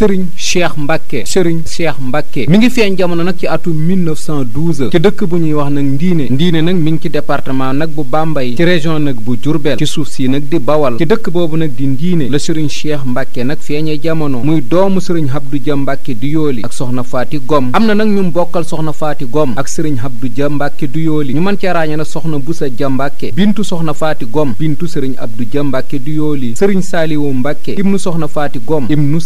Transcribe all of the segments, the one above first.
sëriñ Cheikh Mbacke sëriñ Cheikh Mbacke mi ngi feeñ jamono nag ci atum 1912 ci dëkk bu ñuy wax nag Ndiine Ndiine nag mi ngi ci département nag bu baambay ci région nag bu Diourbel ci suuf si nag di Bawal ci dëkk boobu nag di Ndiine la sëriñ Cheikh Mbacke nag feeñee jamono muy doomu sëriñ Abdou Dia Mbacke du yooli ak soxna Faati Gom am na nag ñu bokkal soxna Faati Gom ak sëriñ Abdou Dia Mbacke du yooli ñu mën cee ràññee na soxna Busa sa Mbacke bintu soxna Faati Gom bintu sëriñ Abdou Dia Mbacke du yooli sëriñ Saaliwu Mbacke soxna Faati Gom ibnu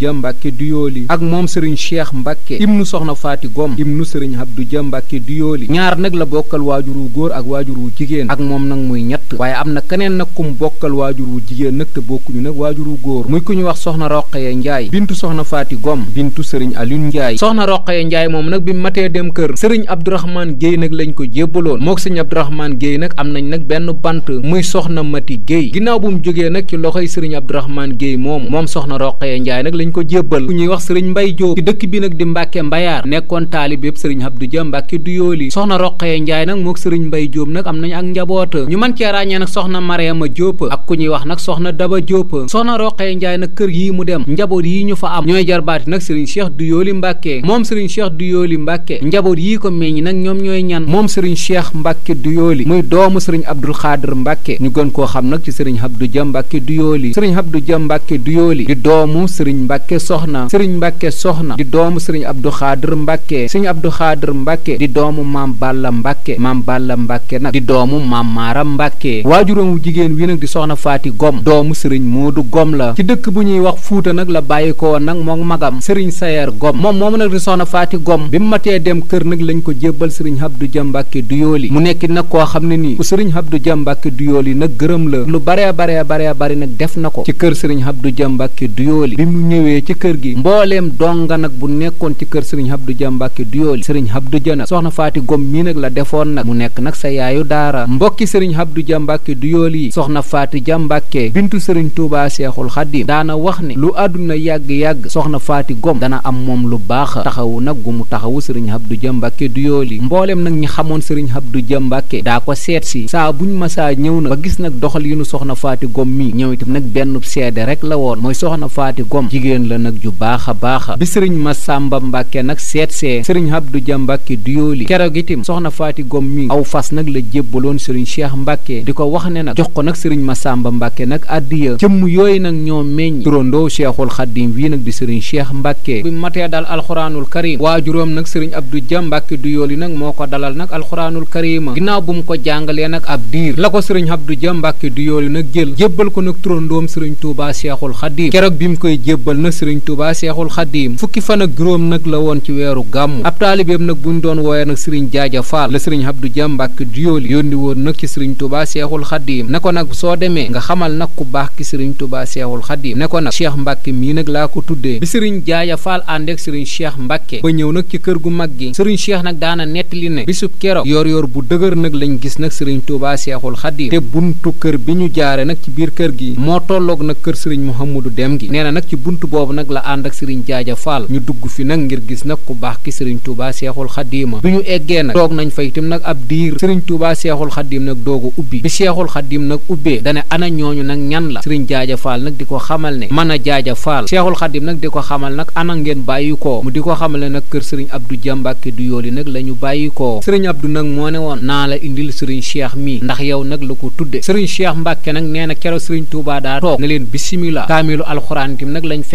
Dia Mbacke Duyooli ak moom sëriñ Cheikh Mbacke ibnu soxna Faati Gom ibnu sëriñ Abdou Dia Mbacke Duyooli ñaar nag la bokkal waajur wu góor ak waajur wu jigéen ak moom nag muy ñett waaye am na keneen nag kum bokkal waajur wu jigéen nag te bokkuñu nag waajur góor muy ku ñu wax soxna Roqaya Njaay bintu soxna Faati Gom bintu sëriñ Alioune Njaay soxna Roqaya Njaay moom nag bi matee dem kër sëriñ Abdourahmane Guèye nag lañ ko jébbaloon mook sëriñ Abdourahmane Guèye nag am nañ nag benn bant muy soxna Mati Guèye ginnaaw bu mu jógee nag ci loxoy sëriñ Abdourahmane Guèye moomu moom soxna Roqaya Njaay nag lañ lañ ko jébbal ku ñuy wax sëriñ mbay jóob ci dëkk bi nag di mbàkke mbayaar nekkoon taalib yëpp sëriñ Abdou Dia mbàkke du yooli soxna roqee njaay nag moo sëriñ mbay jóob nag am nañu ak njaboota ñu man cee ràññee nag soxna mariama jóob ak ku ñuy wax nag soxna daba jóob soxna roqee njaay nag kër yii mu dem njaboot yi ñu fa am ñooy jarbaati nag sëriñ cheikh du yooli mbàkke moom sëriñ cheikh du yooli mbàkke njaboot yi ko meññ nag ñoom ñooy ñan moom sëriñ cheikh mbàkke du yooli muy doomu sëriñ abdul xaadir mbàkke ñu gën koo xam nag ci sëriñ du yooli sëriñ Abdou mbàkke soxna sëriñ mbàkke soxna di doomu sëriñ abdu xaadir mbàkke sëriñ abdu xaadir mbàkke di doomu maam balla mbàkke maam balla mbàkke nag di doomu maam maara mbàkke waajuram jigéen wi nag di soxna faati gom doomu sëriñ moo du gom la ci dëkk bu ñuy wax fuuta nag la bàyyi ko woon nag moom magam sëriñ sayer gom moom moomu nag di soxna faati gom bi mu matee dem kër nag lañ ko jébbal sëriñ abdu ja mbàkke duyooli mu nekk nag koo xam ne nii ku sëriñ abdu ja mbàkke duyooli nag gërëm la lu baree baree baree bari nag def na ko ci kër sëriñ abdu ja ñëwee ci kër gi mbooleem donga nag bu nekkoon ci kër sëriñ Abdou Dia Mbàkke Duyooli sëriñ Abdou Dia nag soxna Faati Gom mii nag la defoon nag mu nekk nag sa yaayu daara mbokki sëriñ Abdou Dia Mbàkke Duyooli yi soxna Faati Dia Mbàkke bintu sëriñ Tuubaa Seexul Xadiim daana wax ne lu àdduna yàgg-yàgg soxna Faati Gom dana am moom lu baax taxawu nag gu mu taxawu sëriñ Abdou Dia Mbàkke Duyooli mbooleem nag ñi xamoon sëriñ Abdou Dia Mbàkke daa ko seet si saa buñ masaa ñëw nag ba gis nag doxal yi nu soxna Faati Gom mii ñëw itam nag benn seede rek la woon mooy soxna Faati Gom jigéen jigéen la nag ju baax a baaxa bi sëriñ Masàmba Mbàkke nag seetsee sëriñ Abdu Ja Mbàkke duyooli keroog itam soxna Faati Gom mi aw fas nag la jébbaloon sëriñ Cheikh Mbàkke di ko wax ne nag jox ko nag sëriñ Masàmba Mbàkke nag àddiya jëmm yooyu nag ñoo meññ turandoo Cheikhul Xaddim wii nag di sëriñ Mbàkke bi matee dal alxuraanul karim waajuróom nag sëriñ Abdu Ja Mbàkke nag moo ko dalal nag alxuraanul karima ginnaaw bu mu ko jàngalee nag ab diir la ko sëriñ Abdu Ja Mbàkke duyooli nag jël jébbal ko nag turandoom sëriñ Tuubaa Cheikhul Xaddim keroog bi mu koy jébbal nag sëriñ Touba Seexul Xaddiim fukki fan ak nag la woon ci weeru gàmmu ab taalibeem nag buñ doon wooye nag sëriñ Jaaja Faal la sëriñ Abdou Dia Mbàkke Diyooli yónni woon nag ci sëriñ Touba Seexul Xaddiim ne ko nag soo demee nga xamal nag ku baax ki sëriñ Touba Seexul Xaddiim ne ko nag Cheikh Mbàkke mii nag laa ko tuddee bi sëriñ Jaaja Faal ànd ak sëriñ Cheikh Mbàkke ba ñëw nag ci kër gu mag gi sëriñ Cheikh nag daana nettali ne bisub keroog yoor yor bu dëgër nag lañu gis nag sëriñ Touba Seexul Xaddiim te buntu kër bi ñu jaare nag ci biir kër gi moo tollook nag kër sëriñ Mouhamadou Dem gi nee na nag ci buntu boobu nag la ànd ak sëriñ jaaja faal ñu dugg fi nag ngir gis nag ku baax ki sëriñ tuuba seexul xadiima bi ñu eggee nag toog nañ fa itam nag doogu ubbi bi seexul xadiim nag ubbee dane ana ñooñu nag ñan la sëriñ jaaja faal nag di ko xamal ne mën a jaaja faal seexul xadiim nag di ko xamal nag ana ngeen bàyyi koo mu di ko xamal ne nag kër sëriñ abdu jàmbàkke du yooli nag lañu ñu bàyyi koo sëriñ abdu nag moo ne woon naa la indil sëriñ cheikh mii ndax yow nag la ko tudde sëriñ cheikh mbàkke nag na kero sëriñ tuuba daa toog ne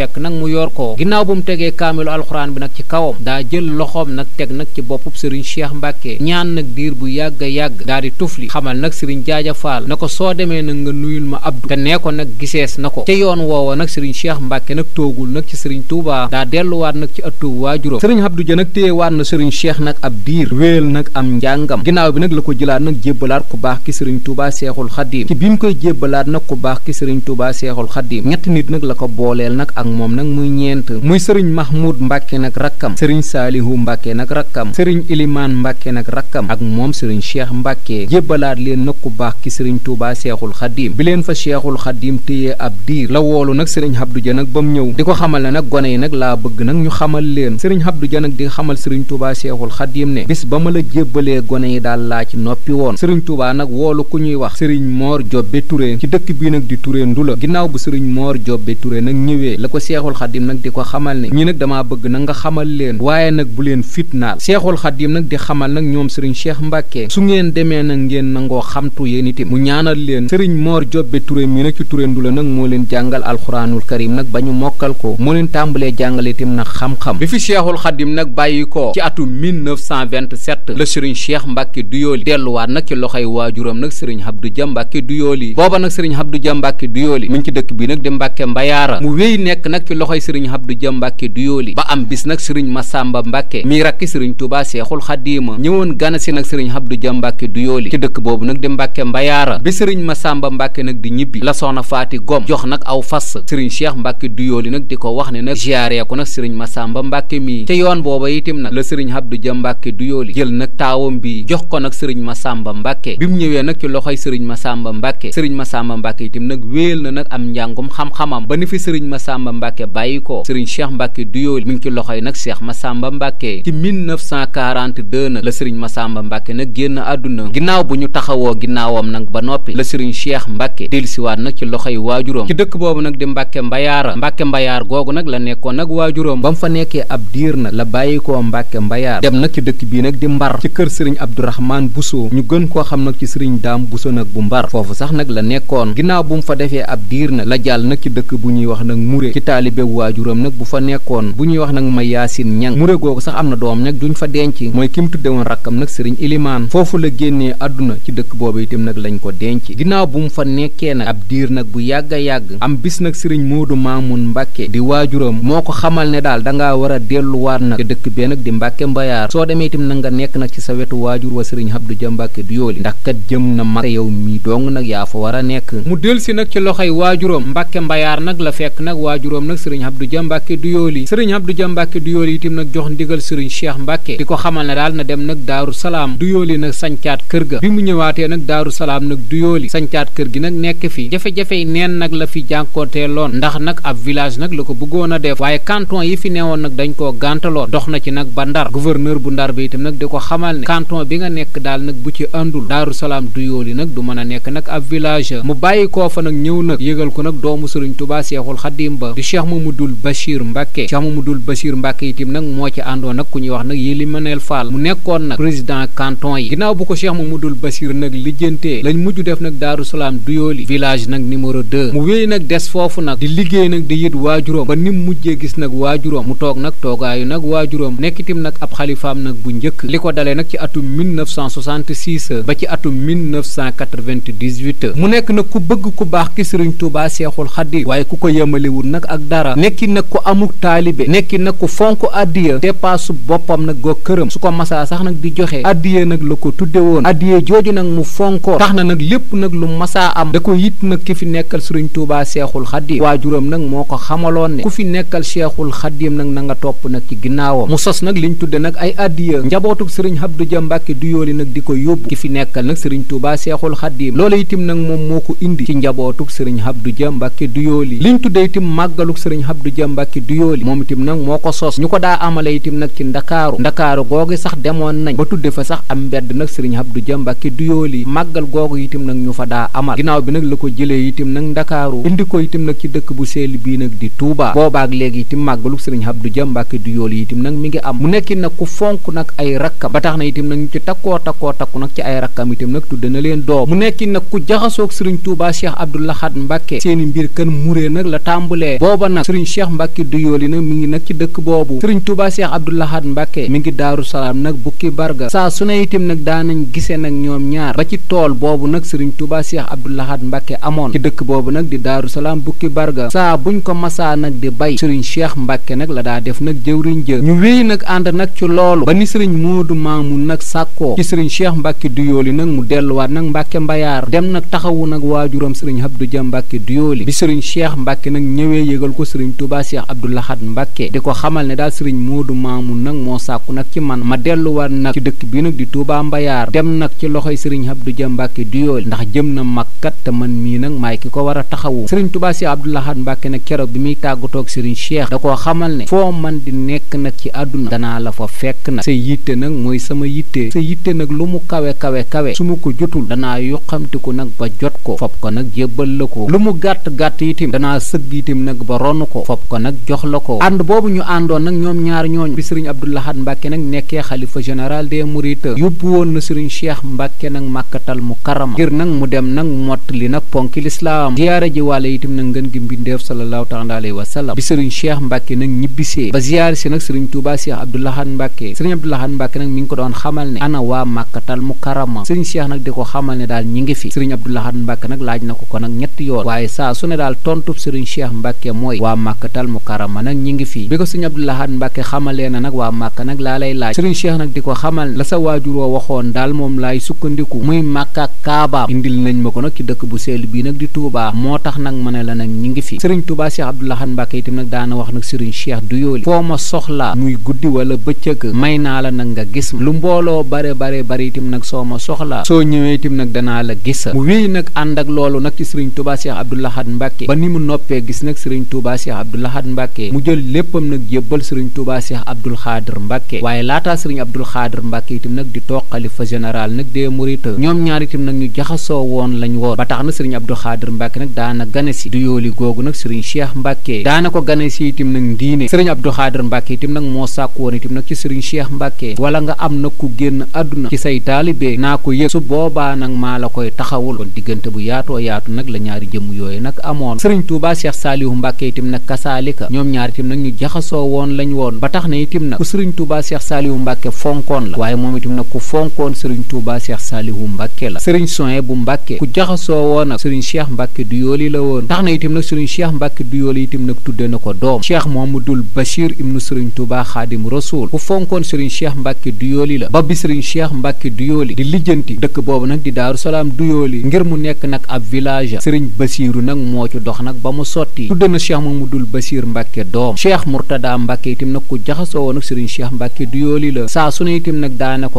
fekk nag mu yor ko ginnaaw bu mu tegee kaamilu alxuraan bi nag ci kawam daa jël loxoom nag teg nag ci boppub sëriñ cheikh mbàkke ñaan nag diir bu yàgg a yàgg daa di tufli xamal nag sëriñ jaaja faal na ko soo demee nag nga nuyul ma abdu te nee ko nag gisees na ko ca yoon woowa nag sëriñ cheikh mbàkke nag toogul nag ci sëriñ tuubaa daa delluwaat nag ci ëttub waajuram sëriñ abdu ja nag téyewaat na sëriñ cheikh nag ab diir wéel nag am njàngam ginnaaw bi nag la ko jëlaat nag jébbalaat ku baax ki sëriñ tuubaa seexul xaddiim ci bi mu koy jébbalaat nag ku baax ki sëriñ tuubaa seexul xaddiim ñetti nit nag la ko booleel moom nag muy ñeent muy sëriñ mahmoud mbàkke nag rakkam sëriñ saalihu mbàkke nag rakkam sëriñ ilimaan mbàkke nag rakkam ak moom sëriñ cheikh mbàkke jébbalaat leen nag ku baax ki sëriñ tuubaa seexul xadim bi leen fa seexul xadim téye ab diir la woolu nag sëriñ Abdou ja nag ba ñëw di ko xamal ne nag gone yi nag laa bëgg nag ñu xamal leen sëriñ Abdou Dia nag di xamal sëriñ Touba Seexul Xadim ne bis ba ma la jébbalee gone yi daal laa ci noppi woon sëriñ Touba nag woolu ku ñuy wax sëriñ Moor Jobbe Touré dëkk bii nag di Touré Ndula ginnaaw bu sëriñ Moor Jobbe nag ñëwee seexul xadim nag di ko xamal ne ñi nag damaa bëgg nag nga xamal leen waaye nag bu leen fitnaal seexul xadim nag di xamal nag ñoom sëriñ Cheikh Mbacke su ngeen demee nag ngeen nangoo xamtu yéen itam mu ñaanal leen sëriñ Mor Jobbe Touré mi nag ci Touré Ndula nag moo leen jàngal alxuraanul karim nag ba ñu mokkal ko moo leen tàmbalee jàngale itam nag xam-xam bi fi seexul xadim nag bàyyi ko ci atum 1927 la sëriñ Cheikh Mbacke Duyooli delluwaat nag ci loxoy waajuram nag sëriñ Abdou Dia Mbacke Duyooli nag sëriñ Abdou Dia Mbacke Duyooli mi nekk nag fi loxoy sëriñ Abdou Dia Mbàkke Duyooli ba am bis nag sëriñ Masàmba Mbàkke mi rakki sëriñ Tuubaa Seexul Xadiima ñëwoon gana si nag sëriñ Abdou Dia Mbàkke Duyooli ci dëkk boobu nag di Mbàkke Mbayaara bi sëriñ Masàmba Mbàkke nag di ñibbi la soxna Faati Gom jox nag aw fas sëriñ Cheikh Mbàkke Duyooli nag di ko wax ne nag ziyaare ko nag sëriñ Masàmba Mbàkke mii te yoon booba itim nag la sëriñ Abdou Dia Mbàkke Duyooli jël nag taawam bi jox ko nag sëriñ Masàmba Mbàkke bi mu ñëwee nag ci loxoy sëriñ Masàmba Mbàkke sëriñ Masàmba Mbàkke itim nag wéel na nag am njàngum xam-xamam ba ni fi sëriñ Masàmba Mbacke bàyyi ko sëriñ Cheikh Mbacke Duyool mi ngi ci loxoy nag Cheikh Massamba Mbacke ci 1942 nag la sëriñ Massamba Mbacke nag génn àdduna ginnaaw bu ñu taxawoo ginnaawam nag ba noppi la sëriñ Cheikh Mbacke dellusiwaat nag ci loxoy waajuram ci dëkk boobu nag di Mbacke Mbayaara Mbacke Mbayaar googu nag la nekkoon nag waajuram ba mu fa nekkee ab diir nag la bàyyi ko Mbacke Mbayaar dem nag ci dëkk bii nag di Mbar ci kër sëriñ Abdourahmane Bousso bu Mbar foofu sax nag la nekkoon ginnaaw bu mu fa defee ab diir nag la jàll nag taalibe waajuram nag bu fa nekkoon bu ñuy wax nag ma yaasin ñang muré googu sax am na doom nag duñ fa denc mooy ki tudde woon rakkam nag sëriñ ilimaan foofu la génnee àdduna ci dëkk boobu itam nag lañ ko denc ginnaaw bu mu fa nekkee nag ab diir nag bu yàgg a yàgg am bis nag sëriñ moo Moodu Maamun Mbàkke di waajuram moo ko xamal ne daal danga war a delluwaat nag dëkk bee nag di Mbàkke Mbayaar soo demee itam na nga nekk nag ci sa wetu waajur wa sëriñ Abdu Ja Mbàkke du yooli ndax kat jëm na mag yow mi dong nag yaa nekk waajuróom nag sëriñ Abdou Dia Mbacke du yooli sëriñ Abdou Dia Mbacke du yooli itam nag jox ndigal sëriñ Cheikh Mbacke di ko xamal ne daal na dem nag daaru salaam du yooli nag sancaat kër ga bi mu ñëwaatee nag daaru salaam nag du yooli sancaat kër gi nag nekk fi jafe-jafe yi neen nag la fi jànkootee loon ndax nag ab village nag la ko bëggoon a def waaye kanton yi fi neewoon nag dañ ko gàntaloon dox na ci nag ba ndar gouverneur bu ndar bi itam nag di ko xamal ne canton bi nga nekk daal nag bu ci àndul daaru salaam du yooli nag du mën a nekk nag ab village mu bàyyi koo fa nag ñëw nag yëgal ko nag doomu sëriñ Tuubaa Seexul Xadiim ba mu Cheikh Mamadou Bachir Mbacke Cheikh Mamadou Bachir Mbacke itam nag moo ci àndoon nag ku ñuy wax nag li Yelimanel faal mu nekkoon nag président canton yi ginnaaw bu ko mu dul bashir nag lijjantee lañ mujj def nag Daaru Salaam Duyooli village nag numéro 2 mu wéy nag des foofu nag di liggéey nag di yët waajuróom ba nim mujjee gis nag waajuróom mu toog nag toogaayu nag waajuróom nekk itam nag ab xalifaam nag bu njëkk li ko dalee nag ci atum 1966 ba ci atum 1998 mu nekk nag ku bëgg ku baax ki Sëriñ Tuubaa Seexul Xadiim waaye ku ko yemalewul nag ak dara nekki nag ku amuk taalibe nekki nag ku fonk addiya dépaasu boppam nag goo këram su ko masaa sax nag di joxe addiya nag la ko tudde woon addiya jooju nag mu fonkoon tax na nag lépp nag lu masaa am da ko it nag ki fi nekkal sëriñ Tuubaa Seexul Xaddiim waajuram nag moo ko xamaloon ne ku fi nekkal Seexul Xaddiim nag na nga topp nag ci ginnaawam mu sos nag liñ tudde nag ay addiya njabootuk sëriñ Abdu Ja Mbàkke Duyooli nag di ko yóbbu ki fi nekkal nag sëriñ Tuubaa Seexul Xaddiim loolu nag moom moo ko indi ci njabootug sëriñ Abdu Ja ndogaluk sëriñ Abdou Dia Mbacke Douyoly moom itam nag moo ko sos ñu ko daa amale itam nag ci ndakaaru ndakaaru googu sax demoon nañ ba tuddee fa sax am mbedd nag sëriñ Abdou Dia Mbacke Douyoly màggal googu itam nag ñu fa daa amal ginnaaw bi nag la ko jëlee itam nag ndakaaru indi ko itam nag ci dëkk bu seel bii nag di Touba boobaak léegi itam màggaluk sëriñ Abdou Dia Mbacke Douyoly itam nag mi ngi am mu nekkin nag ku fonk nag ay rakkam ba tax na itam nag ñu ci takkoo takkoo takku nag ci ay rakkam itam nag tudde na leen doom mu nekkin nag ku jaxasoog sëriñ Touba Cheikh Abdou Lahad Mbacke seeni mbir kan muree nag la tàmbalee booba nag sëriñ cheikh mbàkke duyooli nag mi ngi nag ci dëkk boobu sëriñ tuuba cheikh abdoulahad mbàkke mi ngi daaru salaam nag bukki barga saa su ne itam nag daanañ gisee nag ñoom ñaar ba ci tool boobu nag sëriñ tuuba cheikh abdoulahad mbàkke amoon ci dëkk boobu nag di daaru salaam bukki barga saa buñ ko masaa nag di bay sëriñ cheikh mbàkke nag la daa def nag jëwriñ jë ñu wéy nag ànd nag ci loolu ba ni sëriñ moodu maamun nag sàkkoo ci sëriñ cheikh mbàkke duyooli nag mu delluwaat nag mbàkke mbayaar dem nag taxawu nag waajuram sëriñ abdu yëgal ko sëriñ Touba Cheikh Abdou Lahad Mbacke di ko xamal ne daal sëriñ Modou Mamoun nag moo sàkku nag ci man ma delluwaat nag ci dëkk bi nag di Touba Mbayaar dem nag ci loxoy sëriñ Abdou Dia Mbacke duyool ndax jëm na makkat te man mii nag maay ki ko war a taxawu sëriñ Touba Cheikh Abdou Lahad Mbacke nag keroog bi muy tàggatoog sëriñ Cheikh da koo xamal ne foo man di nekk nag ci àdduna danaa la fa fekk nag sa yitte nag mooy sama yitte sa yitte nag lu mu kawe kawe kawe su ma ko jotul danaa yoxamtiku nag ko nag jébbal la ko lu mu nag ba ronn ko fopp ko nag jox la ko ànd boobu ñu àndoon nag ñoom ñaar ñooñu bi sëriñ Abdou Lahad Mbacke nag nekkee xalifa général des mourides yóbbu woon na sëriñ Cheikh Mbacke nag màkkatal mu karama ngir nag mu dem nag mott li nag ponki lislaam ziyaara ji wàlle itam nag ngën gi mbindeef sallallahu taala alayhi wa sallam bi sëriñ Cheikh Mbacke nag ñibbisee ba ziyaar si nag sëriñ Touba Cheikh Abdou Lahad Mbacke sëriñ Abdou Lahad Mbacke nag mi ngi ko doon xamal ne ana waa màkkatal mu karama sëriñ Cheikh nag di ko xamal ne daal ñi ngi fi sëriñ Abdou Lahad Mbacke nag laaj na ko ko nag ñetti yoon waaye saa su ne daal tontub sëriñ Cheikh Mbacke mooy waa màkkatal ma nag ñi ngi fii bi ko sëñ abdoulahat mbàkke xamalee na nag waa màkk nag laa lay laaj sëriñ cheikh nag di ko xamal la sa waajur wa waxoon daal moom laay sukkandiku muy màkk ak kaaba indil nañ ma ko nag ci dëkk bu sell bii nag di tuubaa moo tax nag ma ne la nag ñi ngi fi sëriñ tuubaa cheikh abdoulahat mbàkke itam nag daana wax nag sëriñ cheikh du yooli foo ma soxlaa muy guddi wala bëccëg may naa la nag nga gis lu mbooloo bare bare bare nag soo ma soxlaa soo ñëwee itam nag danaa la gis mu nag ànd loolu nag ci sëriñ tuubaa cheikh abdoulahat mbàkke ba ni mu noppee gis nag sëriñ sëriñ Touba Cheikh Abdou Lahad Mbacke mu jël léppam nag yébbal sëriñ Touba Cheikh Abdoul Xaadir Mbacke waaye laataa sëriñ Abdoul Xaadir Mbacke itam nag di toog xalifa général nag des mourides ñoom ñaar itam nag ñu jaxasoo woon lañu woon ba tax na sëriñ Abdoul Xaadir Mbacke nag daana gane si du yooli googu nag sëriñ Cheikh Mbacke daana ko gane si itam nag diine sëriñ Abdoul Xaadir Mbacke itam nag moo sàkk woon itam nag ci sëriñ Cheikh Mbacke wala nga am nag ku génn àdduna ci say taalibe naa ko yëg boobaa nag maa la koy taxawul diggante bu yaatoo yaatu nag la ñaari jëmm yooyu nag Mbàkke itam nag kasaalika ñoom ñaar itam nag ñu jaxasoo woon lañ woon ba tax na itam nag ku sëriñ Touba Cheikh Saliou Mbàkke fonkoon la waaye moom itam nag ku fonkoon sëriñ Touba Cheikh Saliou Mbàkke la sëriñ soin bu Mbàkke ku jaxasoo woon ak sëriñ Cheikh Mbàkke du yooli la woon tax na itam nag sëriñ Cheikh Mbàkke du yooli itam nag tudde na ko doom Cheikh Mamadul Bachir ibnu sëriñ Touba Xaadim Rasul ku fonkoon sëriñ Cheikh Mbàkke du yooli la ba bi sëriñ Cheikh Mbàkke du yooli di lijjanti dëkk boobu nag di Daaru Salaam du yooli ngir mu nekk nag ab village sëriñ Basiiru nag moo ci dox nag ba mu sotti tudde na cheikh mamadul basir mbàkke doom cheikh murtada mbàkke itam nag ku jaxasoo woon ak sëriñ cheikh mbàkke du yooli la ne itam nag daana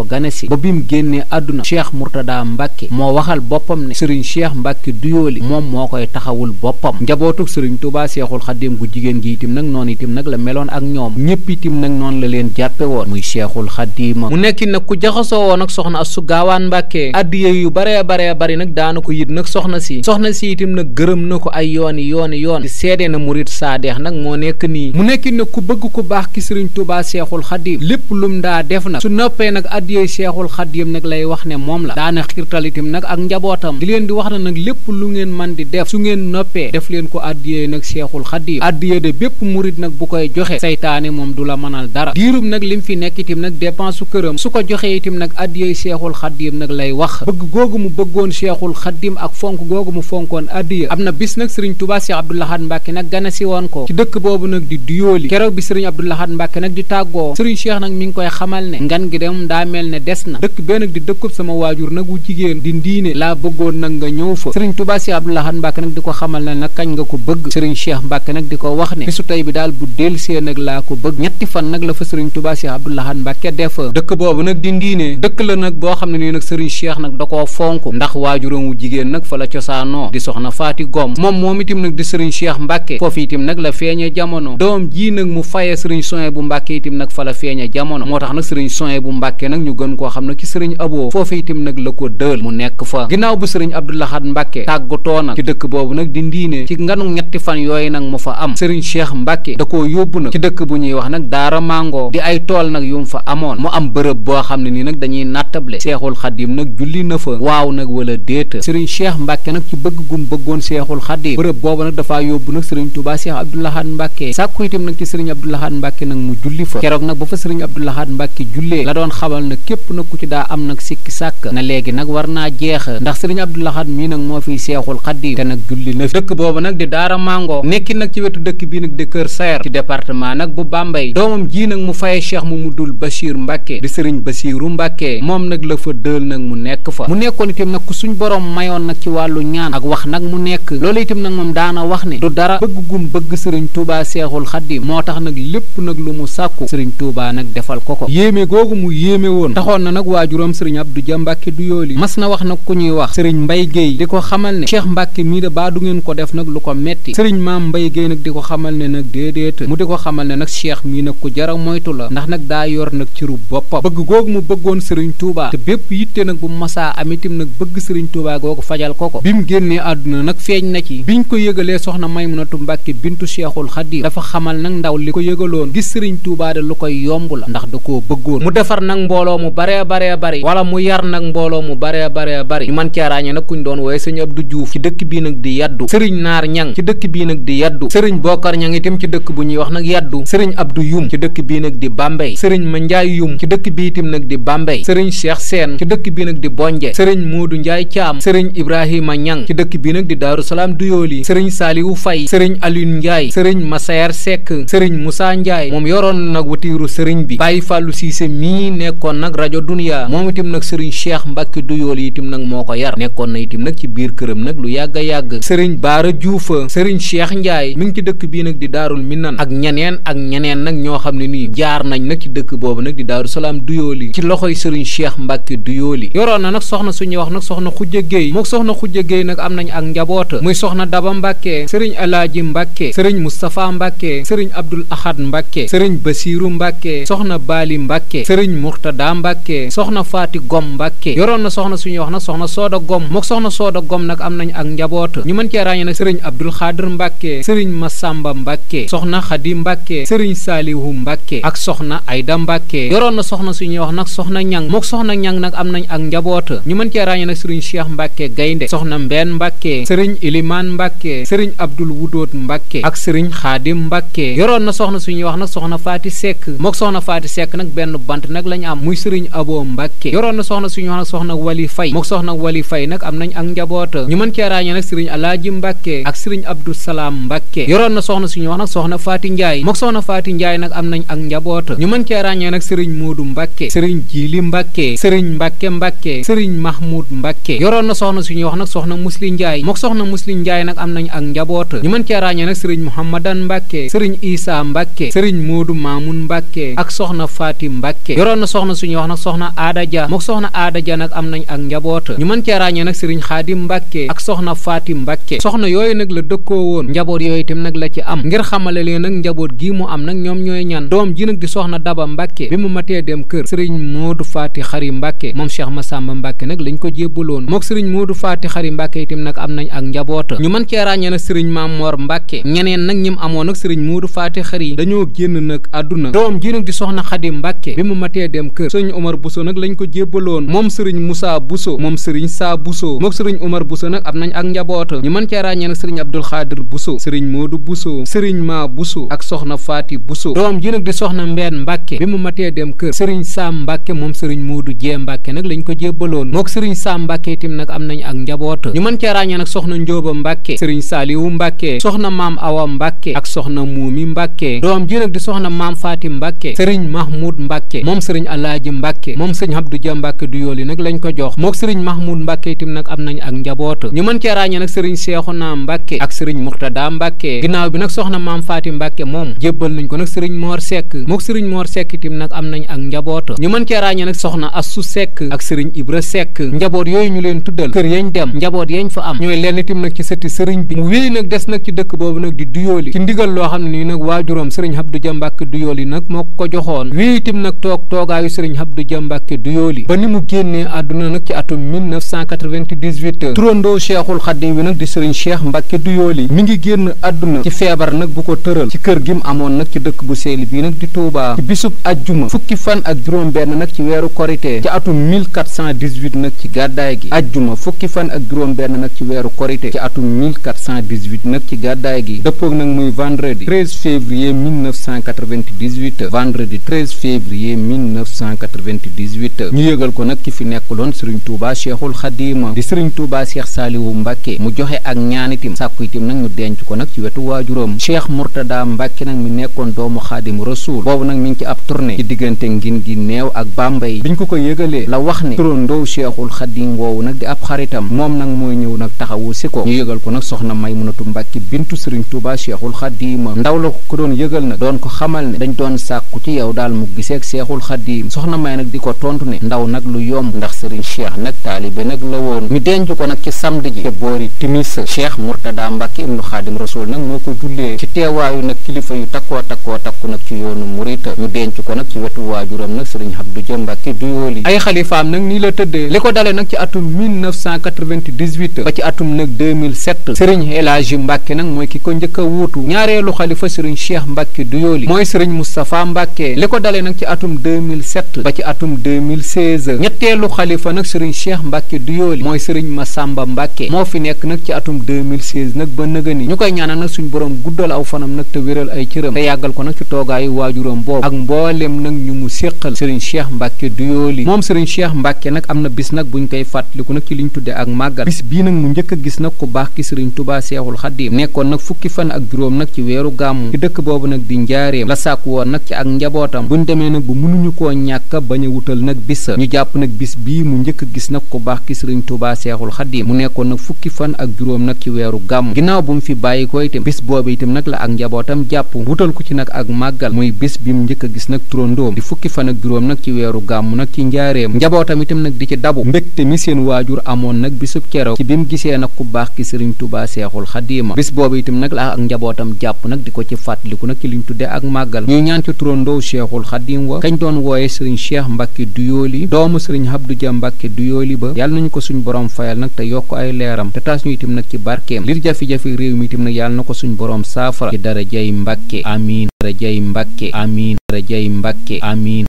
du yooli moom moo koy taxawul boppam njabootuk sëriñ tubaa seexul xaddim gu jigéen gi itam nag noonu itam nag la meloon ak ñoom ñëpp itam nag noonu la leen jàppe woon muy seexul xaddiima mu nekki nag ku jaxasoo woon ak soxna assu gaawaan mbàkke addiye yu baree baree bari nag daana ko yit nag soxna si soxna si itam nag gërëm na ko ay yooni yooni yoon di na murit saadeex nag moo nekk nii mu nekk nag ku bëgg ku baax ki sëriñ tubaa seexul xadim lépp lum daa def nag su noppee nag addiyey seexul xadim nag lay wax ne moom la daana xiirtal itam nag ak njabootam di leen di wax na nag lépp lu ngeen man di def su ngeen noppee def leen ko addiyey nag seexul xadim addiyee de bépp murit nag bu koy joxe seytaane moom du la mënal dara diirum nag lim fi nekk itam nag dépense su këram su ko joxee itam nag addiyey seexul xadim nag lay wax bëgg googu mu bëggoon seexul xadim ak fonk googu mu fonkoon addiya am na bis nag sëriñ tubaa seex abdul ahad nag gana si woon ko ci dëkk boobu nag di duyooli keroog bi sëriñ Abdou Lahad Mbàkke nag di tàggoo sëriñ Cheikh nag mi ngi koy xamal ne nga gi dem daa mel ne des na dëkk bee di dëkkub sama waajur nag wu jigéen di ndiine laa bëggoon nag nga ñëw fa sëriñ Touba Cheikh Abdou Lahad nag di ko xamal ne nag kañ nga ko bëgg sëriñ Cheikh Mbàkke nag di ko wax ne bisu tey bi daal bu delsee nag laa ko bëgg ñetti fan nag la fa sëriñ Touba Cheikh Abdou Lahad Mbàkke def dëkk boobu nag di ndiine dëkk la nag boo xam ne nii nag sëriñ Cheikh nag da koo fonk ndax waajuram wu jigéen nag fa la cosaanoo di soxna Faati Mbàkke foofu itam nag la feeñe jamono doom jii nag mu faye sëriñ soye bu Mbàkke itam nag fa la feeñe jamono moo tax nag sëriñ soye bu Mbàkke nag ñu gën koo xam ne ci sëriñ aboo foofu itam nag la ko dël mu nekk fa ginnaaw bu sëriñ Abdou Lahad Mbàkke tàggatoo nag ci dëkk boobu nag di ndiine ci nganu ñetti fan yooyu nag mu fa am sëriñ Cheikh Mbàkke da ko yóbbu nag ci dëkk bu ñuy wax nag daara màngoo di ay tool nag yu mu fa amoon mu am bërëb boo xam ne nii nag dañuy nattable seexul xadim nag julli na fa waaw nag wala déeta sëriñ Cheikh Mbàkke nag ci bëgg gum bëggoon sëriñ Touba Cheikh Abdou Lahad Mbacke sàkku itam nag ci sëriñ Abdou Lahad Mbacke nag mu julli fa keroog nag ba fa sëriñ Abdou Lahad Mbacke jullee la doon xamal na képp nag ku ci daa am nag sikki sàkk na léegi nag war naa jeex ndax sëriñ Abdou mii nag moo fiy seexul xaddim te nag julli na fi dëkk boobu nag di Daara Mango nekki nag ci wetu dëkk bii nag di Kër Sayer ci département nag bu Bambey doomam ji nag mu faye mu dul Bachir Mbacke di sëriñ Bachiru Mbacke moom nag la fa dël nag mu nekk fa mu nekk loolu itam nag moom daana wax bëgg gum bëgg sëriñ Touba Seexul Xaddim moo tax nag lépp nag lu mu sàkku sëriñ Touba nag defal ko ko yéeme googu mu yéeme woon taxoon na nag waajuram sëriñ Abdou Dia Mbàkke du yooli mas na wax nag ku ñuy wax sëriñ Mbay Géey di ko xamal ne Cheikh Mbàkke mii da baa du ngeen ko def nag lu ko metti sëriñ maam Mbay Géey nag di ko xamal ne nag déedéet mu di ko xamal ne nag Cheikh mii nag ko jara moytu la ndax nag daa yor nag ci ru boppam bëgg googu mu bëggoon sëriñ Touba te bépp yitte nag bu masaa am itam nag bëgg sëriñ Touba googu fajal ko ko Faatu Mbàkke bintu Cheikhul Xadim dafa xamal nag ndaw li ko yëgaloon gis Sëriñ Tuubaa de lu koy yomb la ndax da koo bëggoon mu defar nag mbooloo mu baree baree bari wala mu yar nag mbooloo mu baree baree bari ñu mën cee ràññee nag kuñ doon wooye Sëriñ Abdu Juuf ci dëkk bii nag di yaddu Sëriñ Naar Ñang ci dëkk bii nag di yaddu Sëriñ Bokar Ñang itam ci dëkk bu ñuy wax nag yaddu Sëriñ Abdu Yum ci dëkk bii nag di Bambey Sëriñ Manjaay Yum ci dëkk bii itam nag di Bambey Sëriñ Cheikh Seen ci dëkk nag di Bonje Sëriñ Moodu Njaay Caam Sëriñ Ibrahima Ñang ci dëkk bii nag di sëriñ Alioune Ndiaye sëriñ Massaer Seck sëriñ Moussa Ndiaye moom yoroon na nag watiiru sëriñ bi Baye Fallou Cissé mii nekkoon nag rajo Dunia moom itam nag sëriñ Cheikh Mbacke Duyool itam nag moo ko yar nekkoon na itam nag ci biir këram nag lu yàgg a yàgg sëriñ Baara Diouf sëriñ Cheikh Ndiaye mi ngi ci dëkk bii nag di Daarul Minan ak ñeneen ak ñeneen nag ñoo xam ne nii jaar nañ nag ci dëkk boobu nag di Daaru Salaam Duyooli ci loxoy sëriñ Cheikh Mbacke Duyooli yoroon na nag soxna suñuy wax nag soxna Khoudia Gueye mook soxna Khoudia Gueye nag am nañ ak njaboota muy soxna Daba Mbacke sëriñ Alaaji Alaaji Mbàkke sëriñ Moustapha Mbàkke sëriñ Abdul Ahad Mbàkke sëriñ Basiiru Mbàkke soxna Baali Mbàkke sëriñ Murtada Mbàkke soxna Faati Gom Mbàkke yoroon na soxna suñuy wax nag soxna Sooda Gom mook soxna Sooda Gom nag am nañ ak njaboot ñu man cee ràññee nag sëriñ Abdul Xaadir Mbàkke sëriñ Masamba Mbàkke soxna Xadi Mbàkke sëriñ Saalihu Mbàkke ak soxna Ayda Mbàkke yoroon na soxna suñuy wax nag soxna Ñang mook soxna Ñang nag am nañ ak njaboot ñu mën cee ràññee nag sëriñ Cheikh Mbàkke Gaynde soxna Mbeen Jóot Mbàkke ak sëriñ Xaadim Mbàkke yoroon na soxna suñuy wax nag soxna Faati Seck mook soxna Faati Seck nag benn bant nag lañu am muy sëriñ Abo Mbàkke yoroon na soxna suñuy wax nag soxna Wali Fay mook soxna Wali Fay nag am nañ ak njaboota ñu mën cee ràññee nag sëriñ Alaaji Mbàkke ak sëriñ Abdou Salaam Mbàkke yoroon na soxna suñuy wax nag soxna Faati Njaay mook soxna Faati Njaay nag am nañ ak njaboota ñu mën cee ràññee nag sëriñ Moodu Mbàkke sëriñ Jiili Mbàkke sëriñ Mbàkke Mbàkke sëriñ Mahmoud Mbàkke yoroon na soxna suñuy wax nag soxna Musli Njaay mook soxna Musli Njaay nag am nañ ak njaboota ñu mën cee ca ràññee nag sëriñ Mouhamadan Mbacke sëriñ Issa Mbacke sëriñ Modou Mamoun Mbacke ak soxna Faati Mbacke na soxna suñuy wax nag soxna Aada Ja mook soxna Aada Ja nag am nañ ak njaboota ñu mën cee ràññee nag sëriñ Xaadim Mbacke ak soxna Faati Mbacke soxna yooyu nag la dëkkoo woon njaboot yooyu itam nag la ci am ngir xamale leen nag njaboot gi mu am nag ñoom ñooy ñan doom ji nag di soxna Daba Mbacke bi mu matee dem kër sëriñ Modou Faati Xari Mbacke moom Cheikh Massamba Mbacke nag lañ ko jébbaloon mook sëriñ Modou Faati Xari Mbacke itam nag am nañ ak njaboota ñu mën cee nag sëriñ Mamor Mbàkke ñeneen nag ñim amoon nag sëriñ Moodu Faati Xari dañoo génn nag àdduna doom ji nag di soxna Xadi Mbàkke bi mu matee dem kër sëriñ Omar Bousso nag lañ ko jébbaloon moom sëriñ Moussa Bousso moom sëriñ Saa Bousso mook sëriñ Omar Bousso nag am nañ ak njaboota ñu mën cee ràññee nag sëriñ Abdul Xaadir Bousso sëriñ Moodu Bousso sëriñ Ma Bousso ak soxna Faati Bousso doom ji nag di soxna Mbeen Mbàkke mu matee dem kër sëriñ Sam Mbàkke moom sëriñ Moodu Jee Mbàkke nag lañ ko jébbaloon mook sëriñ Sam Mbàkke itam nag am nañ ak njaboota ñu mën cee ràññee nag soxna Njóoba Mbàkke sëriñ Saaliwu Mbàkke soxna maam awa mbàkke ak soxna muumi mbàkke doom ji nag di soxna maam faati mbàkke sëriñ mahmoud mbàkke moom sëriñ alaaji mbàkke moom sëriñ abdu ja mbàkke du yooli nag lañ ko jox mook sëriñ mahmoud mbàkke itam nag am nañ ak njaboota ñu mën cee ràññee nag sëriñ seexuna mbàkke ak sëriñ murtada mbàkke ginnaaw bi nag soxna maam faati mbàkke moom jébbal nañ ko nag sëriñ moor sekk mook sëriñ moor sekk itam nag am nañ ak njaboota ñu mën cee ràññee nag soxna assu sekk ak sëriñ ibra sekk njaboot yooyu ñu leen tuddal kër yañ dem njaboot yañ fa am ñooy leen itam nag ci sëti sëriñ bi mu wéy nag des nag ci dëkk boobu nag di duyooli ci ndigal loo xam ne nii nag waajuram sëriñ Abdou Dia Mbàkke duyooli nag moo ko joxoon wii itam nag toog toogaayu sëriñ Abdou Dia Mbàkke duyooli ba ni mu génnee àdduna nag ci atum 1998 turandoo Cheikhul Xadim bi nag di sëriñ Cheikh Mbàkke duyooli mi ngi génn àdduna ci feebar nag bu ko tëral ci kër gi mu amoon nag ci dëkk bu seel bii nag di Touba ci bisub ajjuma fukki fan ak juróom benn nag ci weeru korité ci atum 1418 nag ci gàddaay gi ajjuma fukki fan ak juróom benn nag ci weeru korité ci atum 1418 nag ci gàddaay gi dëppoog nag muy vendredi 13 février 1998 vendredi 13 février 1998 ñu yëgal ko nag ki fi nekk nekkuloon sëriñ Touba Cheikhul Xadim di sëriñ Touba Cheikh Saliwu Mbacke mu joxe ak ñaanitim sàkku itim nag ñu denc ko nag ci wetu waajuram Cheikh Mourtada Mbacke nag mi nekkoon doomu Xaadimu Rasuul boobu nag mi ngi ci ab tournée ci diggante ngin gi neew ak Bambey biñ ko ko yëgalee la wax ne turandoow Cheikhul Xadim woowu nag di ab xaritam moom nag mooy ñëw nag taxawu si ko ñu yëgal ko nag soxna Maymunatu bintu sëriñ Touba Cheikhul Khadim ndaw la ko doon yëgal nag doon ko xamal ne dañ doon sàkku ci yow daal mu giseeg Cheikhul Khadim soxna may nag di ko tontu ne ndaw nag lu yomb ndax sëriñ Cheikh nag taalibe nag la woon ñu denc ko nag ci samedi ji te boori timis Cheikh Mourtada Mbacke ibnu Khadim Rasoul nag moo ko jullee ci teewaayu nag kilifa yu takkoo takkoo takku nag ci yoonu Mouride ñu denc ko nag ci wetu waajuram nag sëriñ Abdou Dia Mbacke Douyoly ay xalifaam nag nii la tëddee li ko dale nag ci atum 1998 ba ci atum nag mooy ki ko njëkk a wuutu ñaareelu xalifa sëriñ cheikh mbàkke duyooli mooy sëriñ moustapha mbàkke li ko dalee nag ci atum 2007 ba ci atum 2016 ñetteelu xalifa nag sëriñ cheikh mbàkke duyooli mooy sëriñ masamba mbàkke moo fi nekk nag ci atum 2016 nag ba nëga ni ñu koy ñaanal nag suñu borom guddal aw fanam nag te wéral ay cëram te yàggal ko nag ci toogaayu waajuram boobu ak mboolem nag ñu mu séqal sëriñ cheikh mbàkke duyooli moom sëriñ cheikh mbakke nag am na bis nag bu ñu koy fàttaliku nag ci liñ tudde ak màggal bis bii nag mu njëkk gis nag ku baax ki sëriñ tubaa seexul xaddiim nekk nekkoon nag fukki fan ak juróom nag ci weeru gàmmu ci dëkk boobu nag di njaareem la sàkk woon nag ci ak njabootam buñ demee nag bu mënuñu koo ñàkk bañ a wutal nag bis ñu jàpp nag bis bii mu njëkk gis nag ku baax ki sëriñ Tuubaa Seexul Xadiim mu nekkoon nag fukki fan ak juróom nag ci weeru gàmmu ginnaaw bu mu fi bàyyi ko boobu itam nag la ak njabootam jàpp wutal ko ci nag ak màggal muy bis bi mu njëkk a gis nag turandoom di fukki fan ak juróom nag ci weeru gàmmu nag ci njaareem njabootam itam nag di ci dabu te mi seen waajur amoon nag bi bisub keroog ci bi mu gisee nag ku baax ki sëriñ Tuubaa Seexul Xadiim bis boobu itam nag la njabootam jàpp nag di ko ci fàttaliku nag ci liñ ak màggal ñuy ñaan ci turandoo cheikhul xadim wa doon wooye sëriñ cheikh mbàkke duyooli doomu sëriñ Abdou Dia mbàkke duyooli ba yàlla nañu ko suñ borom fayal nag te yokk ay leeram te taas ñu itam nag ci barkeem lir jafe-jafe réew mi itam nag yàlla na ko suñ borom saafara ci darajay mbàkke amiin darajay mbàkke amiin darajay mbàkke amiin